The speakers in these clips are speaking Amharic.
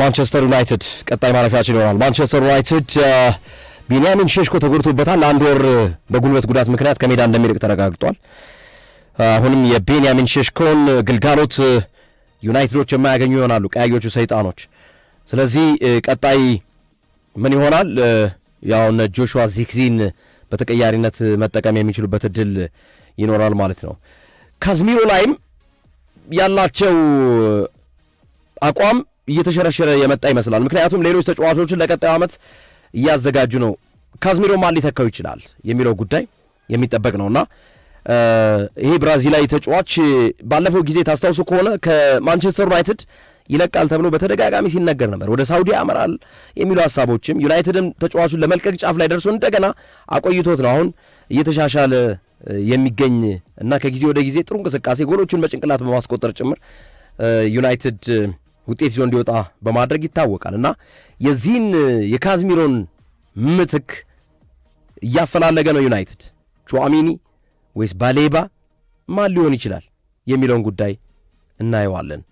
ማንቸስተር ዩናይትድ ቀጣይ ማረፊያችን ይሆናል። ማንቸስተር ዩናይትድ ቢንያሚን ሼሽኮ ተጎድቶበታል። አንድ ወር በጉልበት ጉዳት ምክንያት ከሜዳ እንደሚርቅ ተረጋግጧል። አሁንም የቤንያሚን ሼሽኮን ግልጋሎት ዩናይትዶች የማያገኙ ይሆናሉ ቀያዮቹ ሰይጣኖች። ስለዚህ ቀጣይ ምን ይሆናል? ያው ጆሹዋ ዚክዚን በተቀያሪነት መጠቀም የሚችሉበት እድል ይኖራል ማለት ነው። ካዝሚሮ ላይም ያላቸው አቋም እየተሸረሸረ የመጣ ይመስላል። ምክንያቱም ሌሎች ተጫዋቾችን ለቀጣዩ ዓመት እያዘጋጁ ነው። ካዝሚሮ ማን ሊተካው ይችላል የሚለው ጉዳይ የሚጠበቅ ነውና ይሄ ብራዚላዊ ተጫዋች ባለፈው ጊዜ ታስታውሱ ከሆነ ከማንቸስተር ዩናይትድ ይለቃል ተብሎ በተደጋጋሚ ሲነገር ነበር። ወደ ሳውዲ ያመራል የሚሉ ሀሳቦችም ዩናይትድም ተጫዋቹን ለመልቀቅ ጫፍ ላይ ደርሶ እንደገና አቆይቶት ነው አሁን እየተሻሻለ የሚገኝ እና ከጊዜ ወደ ጊዜ ጥሩ እንቅስቃሴ ጎሎቹን በጭንቅላት በማስቆጠር ጭምር ዩናይትድ ውጤት ይዞ እንዲወጣ በማድረግ ይታወቃል እና የዚህን የካዝሚሮን ምትክ እያፈላለገ ነው ዩናይትድ። ቹዋሚኒ ወይስ ባሌባ ማን ሊሆን ይችላል የሚለውን ጉዳይ እናየዋለን።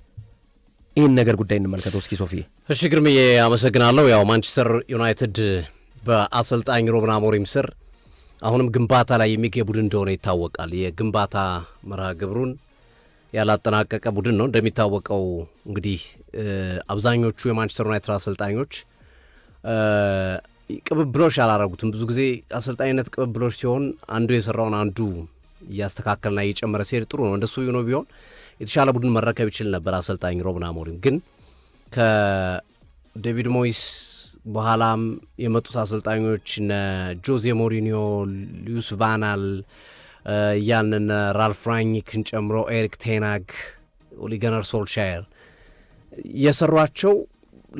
ይህን ነገር ጉዳይ እንመልከተው እስኪ ሶፊ። እሺ ግርምዬ አመሰግናለሁ። ያው ማንቸስተር ዩናይትድ በአሰልጣኝ ሮብን አሞሪም ስር አሁንም ግንባታ ላይ የሚገኝ ቡድን እንደሆነ ይታወቃል። የግንባታ መርሃ ግብሩን ያላጠናቀቀ ቡድን ነው። እንደሚታወቀው እንግዲህ አብዛኞቹ የማንቸስተር ዩናይትድ አሰልጣኞች ቅብብሎች ያላረጉትም ብዙ ጊዜ አሰልጣኝነት ቅብብሎች ሲሆን አንዱ የሰራውን አንዱ እያስተካከልና እየጨመረ ሲሄድ ጥሩ ነው። እንደሱ ነው ቢሆን የተሻለ ቡድን መረከብ ይችል ነበር አሰልጣኝ ሮብን አሞሪም። ግን ከዴቪድ ሞይስ በኋላም የመጡት አሰልጣኞች እነ ጆዜ ሞሪኒዮ፣ ሉዊስ ቫናል Uh, ያንን ራልፍ uh, ራኒክን ጨምሮ ኤሪክ ቴናግ፣ ኦሊገነር ሶልሻየር የሰሯቸው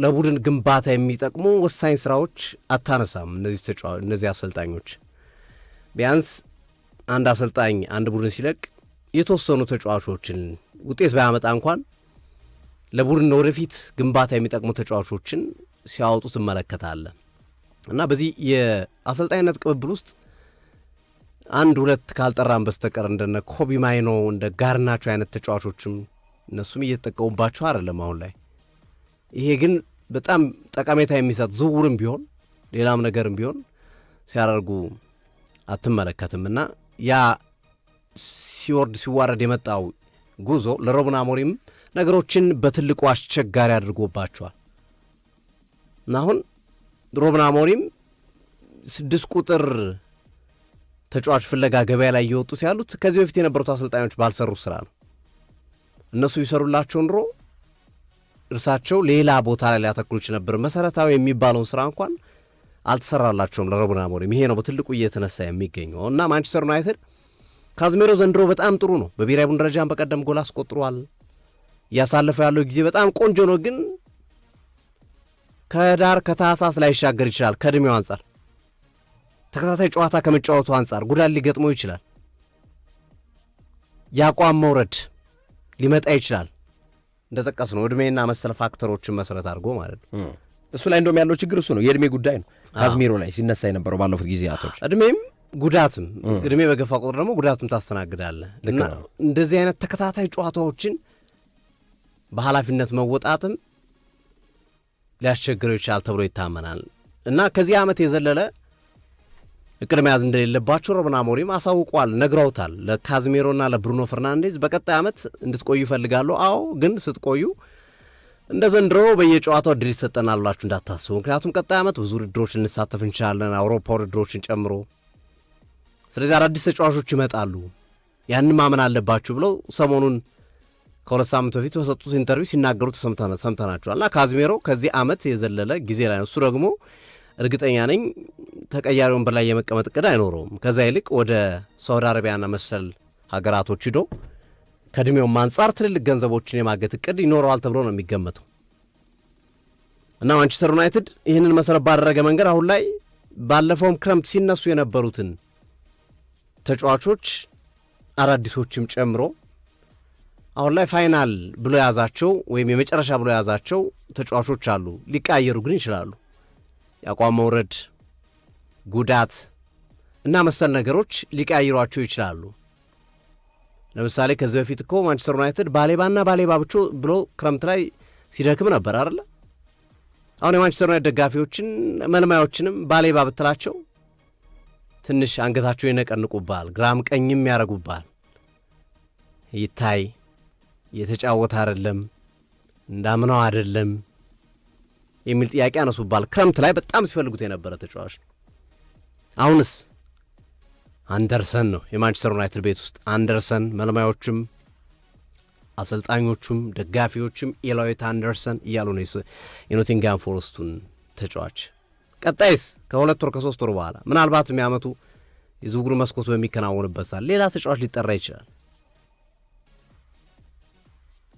ለቡድን ግንባታ የሚጠቅሙ ወሳኝ ስራዎች አታነሳም። እነዚህ እነዚህ አሰልጣኞች ቢያንስ አንድ አሰልጣኝ አንድ ቡድን ሲለቅ የተወሰኑ ተጫዋቾችን ውጤት ባያመጣ እንኳን ለቡድን ወደፊት ግንባታ የሚጠቅሙ ተጫዋቾችን ሲያወጡ ትመለከታለን እና በዚህ የአሰልጣኝነት ቅብብል ውስጥ አንድ ሁለት ካልጠራን በስተቀር እንደነ ኮቢ ማይኖ እንደ ጋርናቾ አይነት ተጫዋቾችም እነሱም እየተጠቀሙባቸው አይደለም አሁን ላይ። ይሄ ግን በጣም ጠቀሜታ የሚሰጥ ዝውውርም ቢሆን ሌላም ነገርም ቢሆን ሲያደርጉ አትመለከትም እና ያ ሲወርድ ሲዋረድ የመጣው ጉዞ ለሮብን አሞሪም ነገሮችን በትልቁ አስቸጋሪ አድርጎባቸዋል እና አሁን ሮብን አሞሪም ስድስት ቁጥር ተጫዋች ፍለጋ ገበያ ላይ እየወጡት ያሉት ከዚህ በፊት የነበሩት አሰልጣኞች ባልሰሩ ስራ ነው። እነሱ ይሰሩላቸው ኑሮ እርሳቸው ሌላ ቦታ ላይ ሊያተክሉ ነበር። መሰረታዊ የሚባለውን ስራ እንኳን አልተሰራላቸውም ለሩበን አሞሪም። ይሄ ነው በትልቁ እየተነሳ የሚገኘው እና ማንቸስተር ዩናይትድ ካዝሜሮ ዘንድሮ በጣም ጥሩ ነው። በብሔራዊ ቡድን ደረጃም በቀደም ጎል አስቆጥሯል። እያሳለፈው ያለው ጊዜ በጣም ቆንጆ ነው፣ ግን ከዳር ከታህሳስ ላይሻገር ይችላል ከእድሜው አንጻር ተከታታይ ጨዋታ ከመጫወቱ አንጻር ጉዳት ሊገጥመው ይችላል። የአቋም መውረድ ሊመጣ ይችላል። እንደጠቀስ ነው እድሜና መሰል ፋክተሮችን መሰረት አድርጎ ማለት ነው። እሱ ላይ እንደውም ያለው ችግር እሱ ነው፣ የእድሜ ጉዳይ ነው። ካዝሚሮ ላይ ሲነሳ የነበረው ባለፉት ጊዜያቶች እድሜም ጉዳትም እድሜ በገፋ ቁጥር ደግሞ ጉዳትም ታስተናግዳለህ። እንደዚህ አይነት ተከታታይ ጨዋታዎችን በኃላፊነት መወጣትም ሊያስቸግረው ይችላል ተብሎ ይታመናል እና ከዚህ ዓመት የዘለለ እቅድ መያዝ እንደሌለባቸው ሮበን አሞሪም አሳውቋል፣ ነግረውታል። ለካዝሜሮና ለብሩኖ ፈርናንዴዝ በቀጣይ ዓመት እንድትቆዩ ይፈልጋሉ። አዎ ግን ስትቆዩ እንደ ዘንድሮ በየጨዋታው እድል ይሰጠናል እንዳታስቡ። ምክንያቱም ቀጣይ ዓመት ብዙ ውድድሮች ልንሳተፍ እንችላለን፣ አውሮፓ ውድድሮችን ጨምሮ። ስለዚህ አዳዲስ ተጫዋቾች ይመጣሉ፣ ያንን ማመን አለባችሁ ብለው ሰሞኑን ከሁለት ሳምንት በፊት በሰጡት ኢንተርቪው ሲናገሩ ሰምተናቸዋል። እና ካዝሜሮ ከዚህ ዓመት የዘለለ ጊዜ ላይ ነው እሱ ደግሞ እርግጠኛ ነኝ ተቀያሪ ወንበር ላይ የመቀመጥ እቅድ አይኖረውም። ከዛ ይልቅ ወደ ሳውዲ አረቢያና መሰል ሀገራቶች ሂዶ ከእድሜውም አንጻር ትልልቅ ገንዘቦችን የማገት እቅድ ይኖረዋል ተብሎ ነው የሚገመተው እና ማንቸስተር ዩናይትድ ይህንን መሰረት ባደረገ መንገድ አሁን ላይ ባለፈውም ክረምት ሲነሱ የነበሩትን ተጫዋቾች አዳዲሶችም ጨምሮ አሁን ላይ ፋይናል ብሎ የያዛቸው ወይም የመጨረሻ ብሎ የያዛቸው ተጫዋቾች አሉ። ሊቀያየሩ ግን ይችላሉ። የአቋም መውረድ፣ ጉዳት እና መሰል ነገሮች ሊቀያይሯቸው ይችላሉ። ለምሳሌ ከዚህ በፊት እኮ ማንቸስተር ዩናይትድ ባሌባና ባሌባ ብቻ ብሎ ክረምት ላይ ሲደክም ነበር አይደለ? አሁን የማንቸስተር ዩናይት ደጋፊዎችን መልማዮችንም ባሌባ ብትላቸው ትንሽ አንገታቸው ይነቀንቁባል፣ ግራም ቀኝም ያደርጉባል። ይታይ እየተጫወተ አይደለም፣ እንዳምነው አይደለም የሚል ጥያቄ አነሱባል። ክረምት ላይ በጣም ሲፈልጉት የነበረ ተጫዋች ነው። አሁንስ አንደርሰን ነው የማንቸስተር ዩናይትድ ቤት ውስጥ አንደርሰን። መልማዮቹም አሰልጣኞቹም ደጋፊዎችም ኤሎይት አንደርሰን እያሉ ነው የኖቲንግሃም ፎረስቱን ተጫዋች። ቀጣይስ ከሁለት ወር ከሶስት ወር በኋላ ምናልባት የሚያመቱ የዝውውር መስኮት በሚከናወንበት ሌላ ተጫዋች ሊጠራ ይችላል።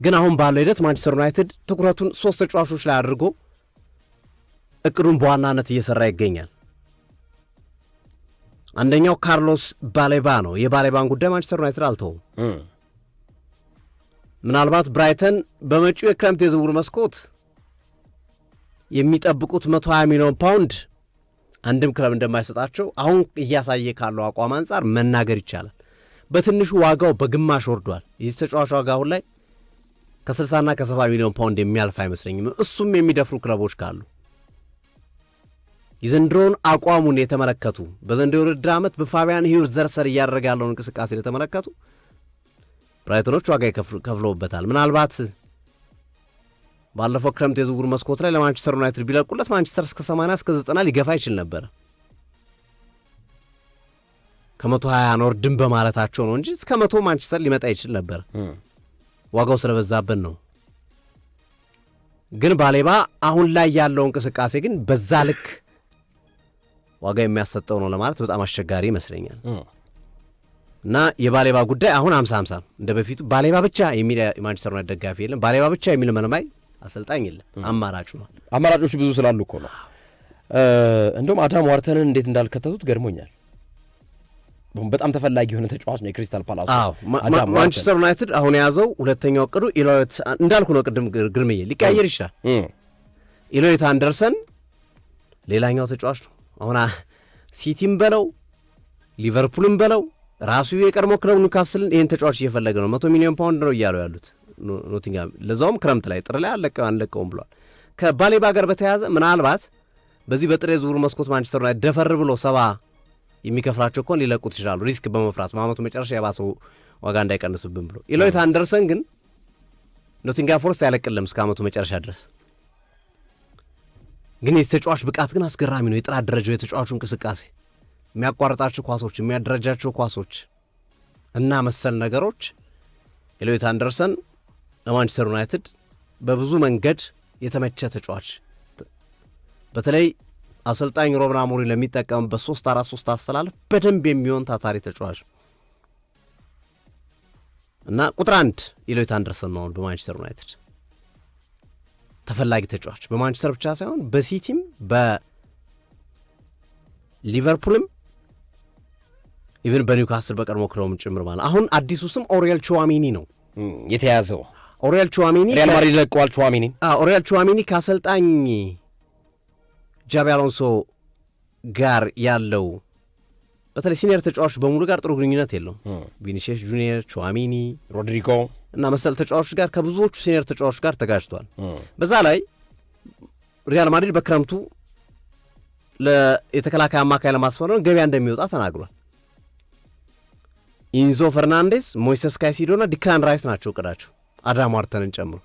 ግን አሁን ባለው ሂደት ማንቸስተር ዩናይትድ ትኩረቱን ሶስት ተጫዋቾች ላይ አድርጎ እቅዱን በዋናነት እየሰራ ይገኛል። አንደኛው ካርሎስ ባሌባ ነው። የባሌባን ጉዳይ ማንቸስተር ዩናይትድ አልተውም። ምናልባት ብራይተን በመጪው የክረምት የዝውውር መስኮት የሚጠብቁት 120 ሚሊዮን ፓውንድ አንድም ክለብ እንደማይሰጣቸው አሁን እያሳየ ካለው አቋም አንጻር መናገር ይቻላል። በትንሹ ዋጋው በግማሽ ወርዷል። የዚህ ተጫዋች ዋጋ አሁን ላይ ከ60ና ከ70 ሚሊዮን ፓውንድ የሚያልፍ አይመስለኝም። እሱም የሚደፍሩ ክለቦች ካሉ የዘንድሮውን አቋሙን የተመለከቱ በዘንድሮ ውድድር ዓመት በፋቢያን ዘርሰር እያደረገ ያለውን እንቅስቃሴ የተመለከቱ ብራይተኖች ዋጋ ከፍለውበታል። ምናልባት ባለፈው ክረምት የዝውውር መስኮት ላይ ለማንቸስተር ዩናይትድ ቢለቁለት ማንቸስተር እስከ 80 እስከ 90 ሊገፋ ይችል ነበር። ከመቶ 20 ኖርድን በማለታቸው ነው እንጂ እስከ መቶ ማንቸስተር ሊመጣ ይችል ነበር። ዋጋው ስለበዛብን ነው። ግን ባሌባ አሁን ላይ ያለው እንቅስቃሴ ግን በዛ ልክ ዋጋ የሚያሰጠው ነው ለማለት በጣም አስቸጋሪ ይመስለኛል። እና የባሌባ ጉዳይ አሁን አምሳ አምሳ ነው። እንደ በፊቱ ባሌባ ብቻ የሚል የማንቸስተር ዩናይት ደጋፊ የለም። ባሌባ ብቻ የሚል መልማይ አሰልጣኝ የለም። አማራጩ ነው። አማራጮች ብዙ ስላሉ እኮ ነው። እንደውም አዳም ዋርተንን እንዴት እንዳልከተቱት ገድሞኛል በጣም ተፈላጊ የሆነ ተጫዋች ነው የክሪስታል ፓላስ። ማንቸስተር ዩናይትድ አሁን የያዘው ሁለተኛው እቅዱ ኢሎት እንዳልኩ ነው። ቅድም ግርምዬ ሊቀያየር ይችላል። ኢሎት አንደርሰን ሌላኛው ተጫዋች ነው። አሁን ሲቲም በለው ሊቨርፑልም በለው ራሱ የቀድሞ ክለብ ኒውካስልን ይህን ተጫዋች እየፈለገ ነው። መቶ ሚሊዮን ፓውንድ ነው እያሉ ያሉት ኖቲንግሃም፣ ለዛውም ክረምት ላይ ጥር ላይ አንለቀውም ብሏል። ከባሌባ ጋር በተያያዘ ምናልባት በዚህ በጥሬ የዝውውር መስኮት ማንቸስተር ዩናይትድ ደፈር ብሎ ሰባ የሚከፍላቸው ከሆን ሊለቁት ይችላሉ፣ ሪስክ በመፍራት በአመቱ መጨረሻ የባሰው ዋጋ እንዳይቀንሱብን ብሎ ኢሎይት አንደርሰን ግን ኖቲንግሃም ፎረስት አያለቅልም እስከ አመቱ መጨረሻ ድረስ ግን የዚህ ተጫዋች ብቃት ግን አስገራሚ ነው። የጥራት ደረጃው፣ የተጫዋቹ እንቅስቃሴ፣ የሚያቋርጣቸው ኳሶች፣ የሚያደረጃቸው ኳሶች እና መሰል ነገሮች ኤልዮት አንደርሰን ለማንቸስተር ዩናይትድ በብዙ መንገድ የተመቸ ተጫዋች በተለይ አሰልጣኝ ሮብን አሞሪ ለሚጠቀምበት ሶስት አራት ሶስት አስተላለፍ በደንብ የሚሆን ታታሪ ተጫዋች እና ቁጥር አንድ ኤልዮት አንደርሰን ነው በማንቸስተር ዩናይትድ ተፈላጊ ተጫዋች በማንቸስተር ብቻ ሳይሆን በሲቲም በሊቨርፑልም ኢቨን በኒውካስል በቀድሞ ክለውም ጭምር ማለት አሁን አዲሱ ስም ኦሪያል ቹዋሚኒ ነው የተያዘው። ኦሪያል ቹዋሚኒ ሪያል ማድሪድ ለቀዋል። ቹዋሚኒ ኦሪያል ቹዋሚኒ ከአሰልጣኝ ጃቢ አሎንሶ ጋር ያለው በተለይ ሲኒየር ተጫዋቾች በሙሉ ጋር ጥሩ ግንኙነት የለውም። ቪኒሲየስ ጁኒየር፣ ቹዋሚኒ፣ ሮድሪጎ እና መሰል ተጫዋቾች ጋር ከብዙዎቹ ሲኒየር ተጫዋቾች ጋር ተጋጅቷል። በዛ ላይ ሪያል ማድሪድ በክረምቱ የተከላካይ አማካይ ለማስፈረም ገበያ እንደሚወጣ ተናግሯል። ኢንዞ ፈርናንዴስ፣ ሞይሰስ ካይሲዶ እና ዲክላን ራይስ ናቸው እቅዳቸው አዳም ዋርተንን ጨምሮ።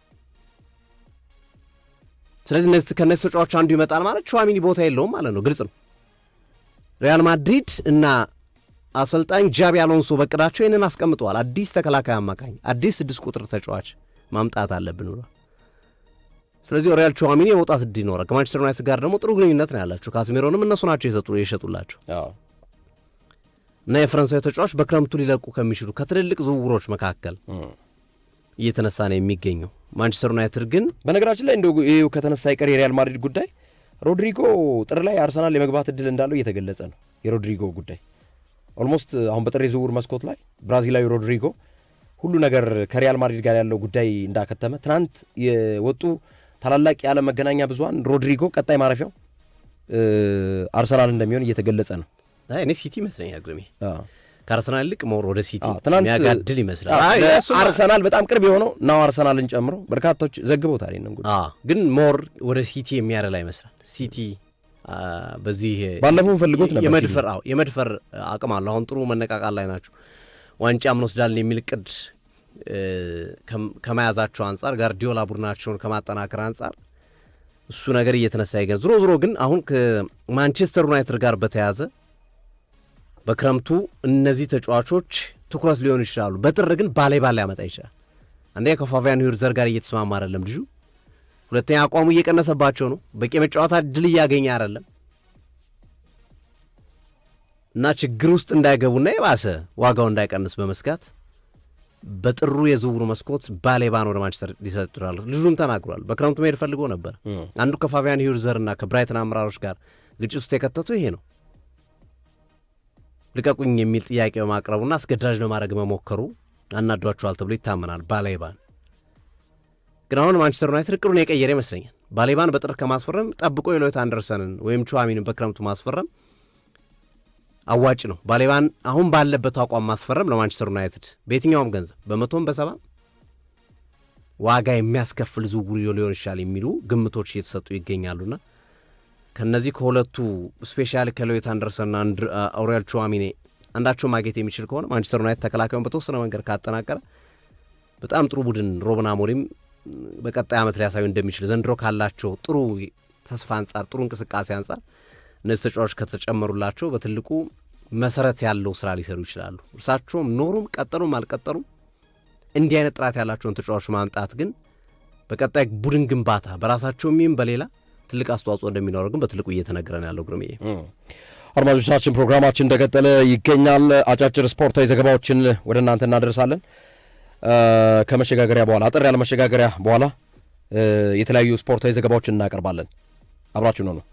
ስለዚህ እነዚህ ከእነዚህ ተጫዋቾች አንዱ ይመጣል ማለት ቹዋሚኒ ቦታ የለውም ማለት ነው። ግልጽ ነው። ሪያል ማድሪድ እና አሰልጣኝ ጃቢ አሎንሶ በቅዳቸው ይህንን አስቀምጠዋል። አዲስ ተከላካይ አማካኝ፣ አዲስ ስድስት ቁጥር ተጫዋች ማምጣት አለብን ብሏል። ስለዚህ ሪያል ቹዋሚኒ የመውጣት እድል ይኖራል። ከማንቸስተር ዩናይትድ ጋር ደግሞ ጥሩ ግንኙነት ነው ያላቸው። ካስሜሮንም እነሱ ናቸው የሰጡ የሸጡላቸው እና የፈረንሳዊ ተጫዋች በክረምቱ ሊለቁ ከሚችሉ ከትልልቅ ዝውውሮች መካከል እየተነሳ ነው የሚገኘው። ማንቸስተር ዩናይትድ ግን በነገራችን ላይ እንደው ይኸው ከተነሳ ይቀር የሪያል ማድሪድ ጉዳይ ሮድሪጎ ጥር ላይ አርሰናል የመግባት እድል እንዳለው እየተገለጸ ነው። የሮድሪጎ ጉዳይ ኦልሞስት አሁን በጥሬ ዝውውር መስኮት ላይ ብራዚላዊ ሮድሪጎ ሁሉ ነገር ከሪያል ማድሪድ ጋር ያለው ጉዳይ እንዳከተመ ትናንት የወጡ ታላላቅ የዓለም መገናኛ ብዙኃን ሮድሪጎ ቀጣይ ማረፊያው አርሰናል እንደሚሆን እየተገለጸ ነው። እኔ ሲቲ ይመስለኛል ግርሜ ከአርሰናል ይልቅ ሞር ወደ ሲቲ የሚያጋድል ይመስላል። አርሰናል በጣም ቅርብ የሆነው ናው አርሰናልን ጨምሮ በርካታዎች ዘግበውታል። ግን ሞር ወደ ሲቲ የሚያረላ ይመስላል ሲቲ በዚህ ባለፈው ፈልጎት ነበር የመድፈር አዎ የመድፈር አቅም አለው። አሁን ጥሩ መነቃቃል ላይ ናቸው። ዋንጫ ምንወስዳለን የሚል ቅድ ከመያዛቸው አንጻር ጋርዲዮላ ቡድናቸውን ከማጠናከር አንጻር እሱ ነገር እየተነሳ ይገ ዝሮ ዝሮ ግን አሁን ከማንቸስተር ዩናይትድ ጋር በተያዘ በክረምቱ እነዚህ ተጫዋቾች ትኩረት ሊሆኑ ይችላሉ። በጥር ግን ባላይ ባሌ ያመጣ ይችላል። አንደኛ ከፋቪያን ሂርዘር ጋር እየተስማማ አይደለም ልጁ ሁለተኛ አቋሙ እየቀነሰባቸው ነው። በቂ መጫወታ ድል እያገኘ አይደለም እና ችግር ውስጥ እንዳይገቡና የባሰ ዋጋው እንዳይቀንስ በመስጋት በጥሩ የዝውውሩ መስኮት ባሌባን ወደ ማንቸስተር ሊሰጥራል። ልጁም ተናግሯል። በክረምቱ መሄድ ፈልጎ ነበር። አንዱ ከፋቢያን ሂርዘርና ከብራይተን አመራሮች ጋር ግጭት ውስጥ የከተቱ ይሄ ነው። ልቀቁኝ የሚል ጥያቄ በማቅረቡና አስገዳጅ ለማድረግ መሞከሩ አናዷቸዋል ተብሎ ይታመናል ባሌባን ግን አሁን ማንቸስተር ዩናይትድ እቅዱን የቀየረ ይመስለኛል። ባሌባን በጥር ከማስፈረም ጠብቆ የሎት አንደርሰንን ወይም ቹዋሚንን በክረምቱ ማስፈረም አዋጭ ነው። ባሌባን አሁን ባለበት አቋም ማስፈረም ለማንቸስተር ዩናይትድ በየትኛውም ገንዘብ በመቶም በሰባ ዋጋ የሚያስከፍል ዝውውር ሊሆን ይችላል የሚሉ ግምቶች እየተሰጡ ይገኛሉና ከነዚህ ከሁለቱ ስፔሻል ከሎት አንደርሰንና አውሪያል ቹዋሚኔ አንዳቸው ማግኘት የሚችል ከሆነ ማንቸስተር ዩናይትድ ተከላካዩን በተወሰነ መንገድ ካጠናቀረ በጣም ጥሩ ቡድን ሮብን አሞሪም በቀጣይ ዓመት ሊያሳዩ እንደሚችል ዘንድሮ ካላቸው ጥሩ ተስፋ አንጻር፣ ጥሩ እንቅስቃሴ አንጻር እነዚህ ተጫዋቾች ከተጨመሩላቸው በትልቁ መሰረት ያለው ስራ ሊሰሩ ይችላሉ። እርሳቸውም ኖሩም ቀጠሉም አልቀጠሉም እንዲህ አይነት ጥራት ያላቸውን ተጫዋቾች ማምጣት ግን በቀጣይ ቡድን ግንባታ በራሳቸው ሚም በሌላ ትልቅ አስተዋጽኦ እንደሚኖረው ግን በትልቁ እየተነገረን ያለው ግርምዬ። አድማጮቻችን ፕሮግራማችን እንደቀጠለ ይገኛል። አጫጭር ስፖርታዊ ዘገባዎችን ወደ እናንተ እናደርሳለን። ከመሸጋገሪያ በኋላ አጠር ያለ መሸጋገሪያ በኋላ የተለያዩ ስፖርታዊ ዘገባዎችን እናቀርባለን። አብራችሁ ነው ነው